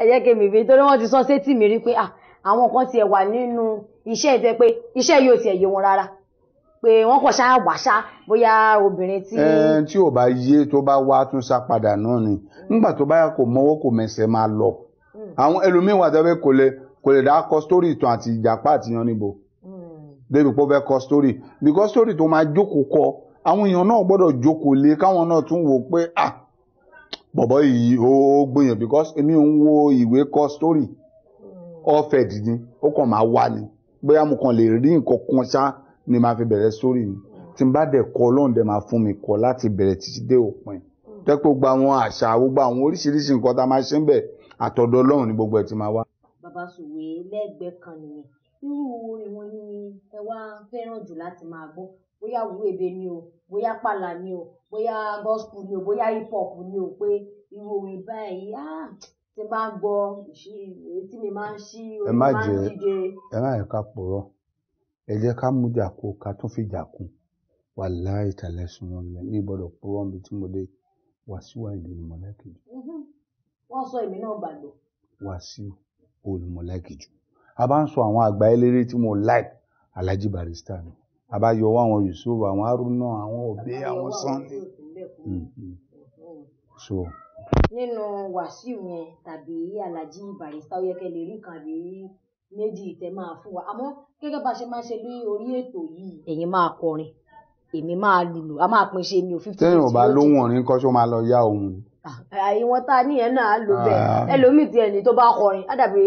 ẹ jẹ́ kí mi bí torí wọ́n ti sọ sétí mi rí pé àwọn kan tiẹ̀ wà nínú iṣẹ́ ìtẹ́ pé iṣẹ́ yóò tiẹ̀ yé wọn rárá pé wọ́n kọ̀ ṣá wàṣá bóyá obìnrin tí. ẹn tí ò bá yé tó bá wá tún sá padà náà ni hmm. nígbà tó bá yà kò mọ́wọ́ kò mẹsẹ̀ máa lọ hmm. àwọn ẹlòmíín wà tẹ́lẹ̀ kò lè kò lè dá kọ sítórì ìtàn àti ìjàpá àti yannibo hmm. débi pé fẹ́ kọ sítórì bíkọ́ sítórì tó máa jókòó kọ àwọn èèyàn náà gbọ́dọ̀ jókòó lé káwọn náà tún wò pé ah bọ̀bọ̀ yìí ó gbìyàn because èmi ń wo ìwé kọ story ọ̀fẹ́ hmm. dìdín ó kàn máa wá ni bóyá mo kàn lè rí nǹkan kan ṣá ni màá fi bẹ̀rẹ̀ story mi hmm. tí n bá dẹ̀ kọ ọlọ́run dẹ̀ máa fún mi kọ láti bẹ̀rẹ̀ títí dé òpin hmm. tẹ́pẹ́ gba àwọn àṣà gbogbo àwọn oríṣiríṣi nǹkan tá a máa ṣe ń bẹ̀ àtọ̀dọ̀ ọlọ́run ní gbogbo ẹ̀ ti máa wá. bàbá sùwé lẹ́gbẹ̀ẹ́ kan nìyẹn irú orin wo ni ẹ wá fẹ́ràn jù láti máa gbọ́? Bóyá àwúrèbe ni o, bóyá pààlà ni o, bóyá gospel ni o, bóyá hip hop ni o, pé irú orin báyìí, ah, tí n bá gbọ́, etí mi máa ń ṣí, orí máa ń dìde. Ẹ má jẹ́ ká purọ́, ẹ jẹ́ ká mú jàko ká tún fi jà kún. Wàláhì tàláhì súnmọ́ mi lẹ́yìn, mi ò níbi tí mo dé. Wàsíù Àyìndé ni mo jù. Wọ́n sọ èmi náà gbàgbọ́. Wàsíù, òun ni jù a bá ń sọ àwọn àgbà eléré tí mo like Alhaji Barrister ni a bá yọ wá àwọn Yusuf àwọn Haruna àwọn Obe àwọn Sunday mm-hmm. so. nínú Wàsíù yẹn tàbí Alhaji Barrister ó yẹ kẹ́ lè rí kan àbí méjì tẹ́ máa fún wa àmọ́ gẹ́gẹ́ bá a ṣe máa ṣe lórí orí ètò yìí ẹ̀yin máa kọrin èmi máa lùlù a máa pín ṣe mi ò tẹ́yìn ò bá lóhùn ọ̀rìn kọ́ṣọ́ máa lọ yá òun àyè ah, eh, wọn tá a níyẹn náà á lò bẹ́ẹ̀ ah. ẹlòmíì tí ẹni tó bá kọrin á dàbí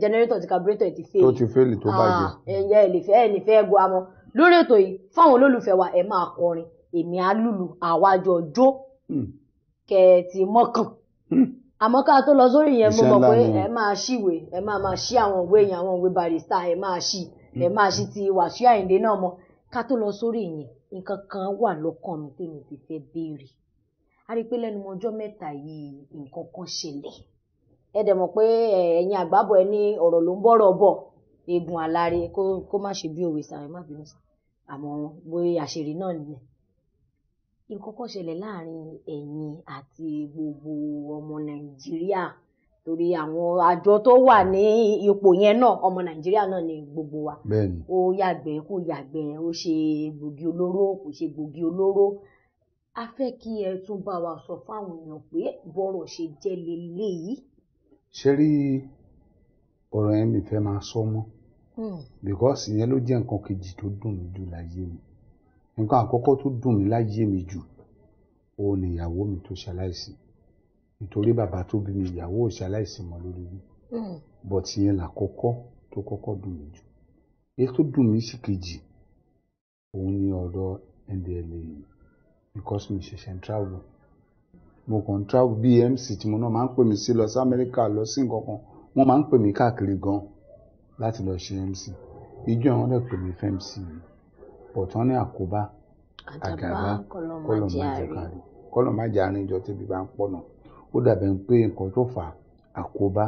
jẹnẹrétọ̀ eh, eh, ti kaburétọ̀ ti fẹ́ẹ̀lì tó ti fẹ́ẹ̀lì tó ah, bàjẹ́ ẹ̀yẹ ẹ̀lẹ́fẹ́ ẹ̀nìfẹ́ ẹ̀gọ́ amọ lórí ètò yìí fáwọn olólùfẹ́ wa ẹ̀ máa kọrin èmi á lùlù àwájọ jó hmm. kẹ̀ẹ̀tì mọ́kàn hmm. àmọ́ ká tó lọ sórí yẹn mo mọ̀ pé ẹ máa ṣíwèé ẹ máa máa ṣí àwọn òwe yẹn àwọn òwe barista ẹ máa ṣí ẹ hmm. máa ṣí ti Wàsíù Àyìndé náà mọ ká tó lọ sórí yẹn nǹkan kan wà lọ́kàn mi tí mi ti fẹ́ béèrè a rí i pé lẹ́nu ọjọ́ mẹ́ta yìí nǹkan kan ṣẹlẹ̀ ẹ dẹ̀ mọ̀ pé ẹ̀yin àgbàbọ̀ ẹ ní ọ̀rọ̀ ló ń bọ̀rọ̀ bọ̀ eegun aláre kó má ṣe bí òwe sàrẹ̀ má bínú sà àmọ́ bóyá àṣírí náà nìyẹn nǹkan kan ṣẹlẹ̀ láàrin ẹ̀yin àti gbogbo ọmọ nàìjíríà torí àwọn àjọ tó wà ní ipò yẹn náà ọmọ nàìjíríà náà ni gbogbo wa ó yàgbẹ́ kò yàgbẹ́ ó ṣe gbòógì olóró kò ṣe gbòógì olóró a fẹ́ kí ẹ tún bá wa sọ fáwọn èèyàn pé bọ́rọ̀ ṣe jẹ́ leléyìí. ṣé rí ọ̀rọ̀ yẹn mi fẹ́ máa sọ mọ́ hmm. because ìyẹn ló jẹ́ nǹkan kejì tó dùn mí jù láyé mi nǹkan àkọ́kọ́ tó dùn mí láyé mi jù òun ni ìyàwó mi tó ṣaláìsí nítorí bàbá tó bí mi ìyàwó ò ṣaláìsí mọ́ lórí mi hmm. but ìyẹn làkọ́kọ́ tó kọ́kọ́ dùn mí jù èyí tó dùn mí sí kejì òun ni ọ̀rọ̀ ndla yìí because mi ṣẹ̀ṣẹ̀ ń travel mo kàn ń travel bí mc tí mo náà máa ń pè mí sí lọ sí amẹ́ríkà lọ sí nǹkan kan wọ́n máa ń pè mí káàkiri gan láti lọ ṣe mc ijó àwọn lè pè mí fẹ́ mc yìí bọ̀tán ní àkóbá àgàbá kọlọ̀májàkárí kọlọ̀májàárín ìjọ tẹ́bi bá ń pọ̀nà ó dàbẹ̀ ń pé nǹkan tó fà àkóbá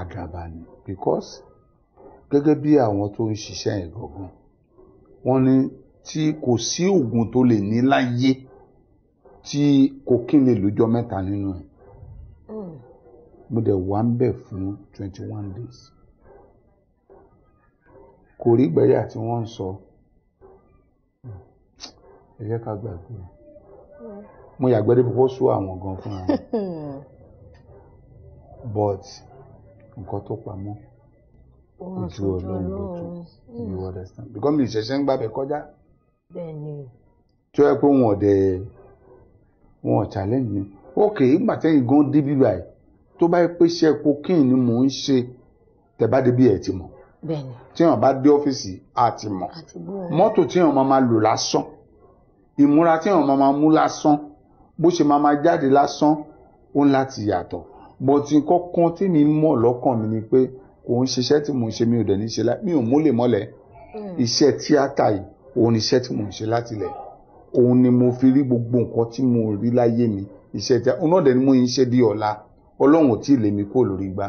àgàbá ni because gẹ́gẹ́ bí àwọn tó ń ṣiṣẹ́ yẹn gangan wọ́n ní tí kò sí oògùn tó lè ní láyé tí cocaine lè lójọ́ mẹ́ta nínú ẹ̀ hmm. mo dẹ̀ wà ń bẹ̀ fún twenty one days kò rí gbẹ̀yà tí wọ́n ń sọ ẹ jẹ́ ká gbàgbé mo yàgbẹ́ débi kó sú àwọn gan fúnra wọn but nǹkan tó pamọ́ ojú ọlọ́run ló tún you understand because mi ìṣẹ̀ṣẹ̀ ń gbàbẹ̀ kọjá bẹ́ẹ̀ni. tó yẹ pé wọn ò dẹ wọn ò challenge mi ok ìgbà tẹ́yìn gan débi báyìí tó bá yẹ pé iṣẹ́ cocaine ni mò ń ṣe tẹ̀ bá débi ẹ̀ ti mọ̀ tí wọn bá dé ọ́fíìsì á ti mọ̀ mọ́tò tí wọn máa lò lásán ìmúra tí wọn máa mú lásán bó ṣe máa jáde lásán ó ń láti yàtọ̀ bọ̀tí kọ́kọ́ tí mi mọ̀ lọ́kàn mi ni pé kò ń ṣiṣẹ́ tí mò ń ṣe mi ò dẹ̀ ní ṣe láì mi ò múlẹ̀ mọ́lẹ̀ hmm. iṣẹ́ tíátà yìí òun ni iṣẹ́ tí mò ń ṣe látilẹ̀ òun ni mo fi rí gbogbo nǹkan tí mo rí láyé mi iṣẹ́ tí òun náà dẹ̀ ni mo ń ṣe di ọ̀la ọlọ́run ò tí ì lé mi kúrò lórí igbá